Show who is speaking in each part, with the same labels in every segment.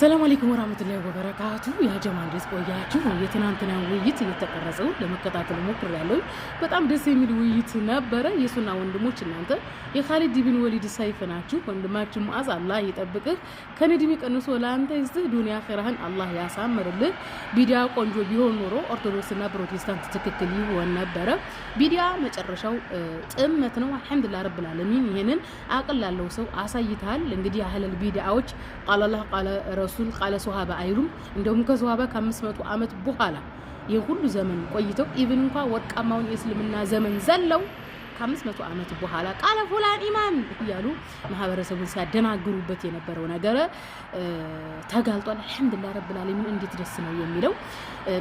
Speaker 1: ሰላም አለይኩም ወራህመቱላሂ ወበረካቱ። ያ ጀማ እንዴት ቆያችሁ? የትናንትና ውይይት እየተቀረጸው ለመከታተል ሞክሬያለሁ። በጣም ደስ የሚል ውይይት ነበረ። የሱና ወንድሞች እናንተ የኻሊድ ቢን ወሊድ ሰይፍ ናችሁ። ወንድማችሁ ሙአዝ አላህ ይጠብቅህ፣ ከነድሜ ቀንሶ ለአንተ ይስጥህ፣ ዱንያ አኺራህን አላህ ያሳምርልህ። ቢዲያ ቆንጆ ቢሆን ኖሮ ኦርቶዶክስና ፕሮቴስታንት ትክክል ይሆን ነበረ። ቢዲያ መጨረሻው ጥመት ነው። አልሐምዱሊላህ ረብል ዓለሚን። ይሄንን አቅል ላለው ሰው አሳይተሃል። እንግዲህ አህለል ቢዲያዎች ቃለላህ ቃለ ረሱል ቃለ ሶሃባ አይሉም። እንደውም ከሶሃባ ከአምስት መቶ ዓመት በኋላ ይህ ሁሉ ዘመን ቆይተው ኢብን እንኳ ወርቃማውን የእስልምና ዘመን ዘለው ከአምስት መቶ ዓመት በኋላ ቃለ ፉላን ኢማም እያሉ ማህበረሰቡን ሲያደናግሩበት የነበረው ነገር ተጋልጧል። አልሐምዱሊላህ ረብል እንዴት ደስ ነው የሚለው።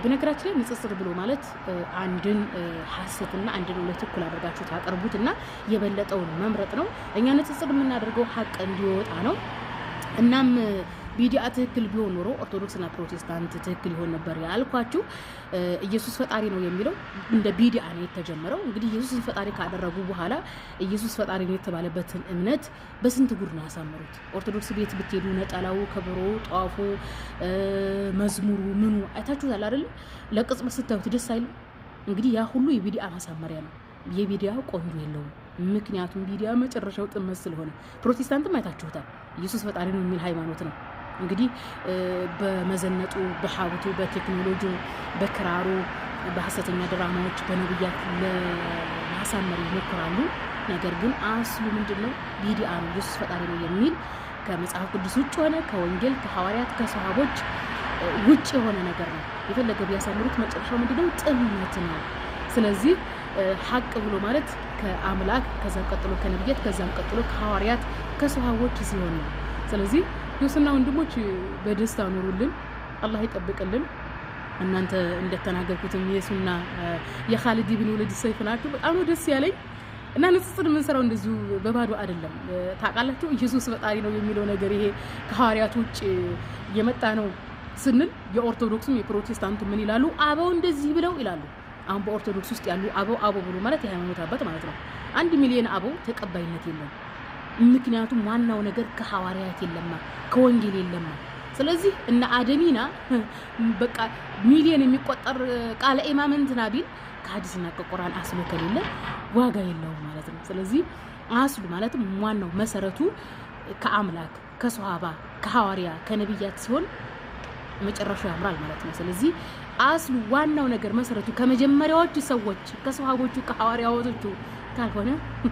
Speaker 1: በነገራችን ላይ ንጽጽር ብሎ ማለት አንድን ሀሰትና አንድን ሁለት እኩል አድርጋችሁ ታቀርቡት እና የበለጠውን መምረጥ ነው። እኛ ንጽጽር የምናደርገው ሀቅ እንዲወጣ ነው። እናም ቢዲአ ትክክል ቢሆን ኖሮ ኦርቶዶክስና ፕሮቴስታንት ትክክል ይሆን ነበር ያልኳችሁ። ኢየሱስ ፈጣሪ ነው የሚለው እንደ ቢዲአ ነው የተጀመረው። እንግዲህ ኢየሱስን ፈጣሪ ካደረጉ በኋላ ኢየሱስ ፈጣሪ ነው የተባለበትን እምነት በስንት ጉድ ነው ያሳምሩት ኦርቶዶክስ ቤት ብትሄዱ ነጠላው፣ ከበሮ፣ ጧፉ መዝሙሩ ምኑ አይታችሁታል አይደለም? ለቅጽበት ስታዩት ደስ አይልም? እንግዲህ ያ ሁሉ የቢዲአ ማሳመሪያ ነው። የቢዲያ ቆንጆ የለውም። ምክንያቱም ቢዲያ መጨረሻው ጥመት ስለሆነ ፕሮቴስታንትም አይታችሁታል። ኢየሱስ ፈጣሪ ነው የሚል ሃይማኖት ነው። እንግዲህ በመዘነጡ፣ በሀብቱ፣ በቴክኖሎጂ፣ በክራሩ፣ በሀሰተኛ ድራማዎች፣ በነብያት ለማሳመር ይሞክራሉ። ነገር ግን አስሉ ምንድን ነው? ቢዲአ ነው፣ ኢየሱስ ፈጣሪ ነው የሚል ከመጽሐፍ ቅዱስ ውጭ ሆነ ከወንጌል ከሐዋርያት ከሰሃቦች ውጭ የሆነ ነገር ነው። የፈለገ ቢያሳምሩት መጨረሻው ምንድነው? ጥልነት ነው። ስለዚህ ሀቅ ብሎ ማለት ከአምላክ ከዛም ቀጥሎ ከነብያት ከዛም ቀጥሎ ከሐዋርያት ከሰሃቦች ሲሆን ነው። ስለዚህ ክርስትና ወንድሞች በደስታ ኑሩልን። አላህ ይጠብቅልን። እናንተ እንደተናገርኩትም የሱና የኻሊድ ብን ወልድ ሰይፍ ናችሁ። በጣም ነው ደስ ያለኝ እና ንጽጽር የምንሰራው እንደዚሁ በባዶ አይደለም። ታውቃላችሁ ኢየሱስ ፈጣሪ ነው የሚለው ነገር ይሄ ከሐዋርያት ውጭ የመጣ ነው ስንል የኦርቶዶክስም የፕሮቴስታንቱ ምን ይላሉ? አበው እንደዚህ ብለው ይላሉ። አሁን በኦርቶዶክስ ውስጥ ያሉ አበው አበው ብሎ ማለት የሃይማኖት አባት ማለት ነው። አንድ ሚሊዮን አበው ተቀባይነት የለም። ምክንያቱም ዋናው ነገር ከሐዋርያት የለማ ከወንጌል የለማ። ስለዚህ እነ አደሚና በቃ ሚሊዮን የሚቆጠር ቃለ ኢማመንትና ቢል ከሀዲስና ከቁርአን አስሎ ከሌለ ዋጋ የለውም ማለት ነው። ስለዚህ አስሉ ማለትም ዋናው መሰረቱ ከአምላክ ከሶሃባ ከሐዋርያ ከነቢያት ሲሆን መጨረሻው ያምራል ማለት ነው። ስለዚህ አስሉ ዋናው ነገር መሰረቱ ከመጀመሪያዎቹ ሰዎች ከሶሃቦቹ ከሐዋርያዎቹ ካልሆነ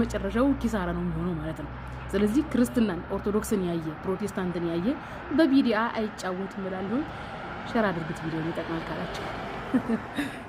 Speaker 1: መጨረሻው ኪሳራ ነው የሚሆነው ማለት ነው። ስለዚህ ክርስትናን፣ ኦርቶዶክስን ያየ ፕሮቴስታንትን ያየ በቢዲአ አይጫወትም እላለሁ። ሸር አድርጉት ቪዲዮ ይጠቅማል ካላቸው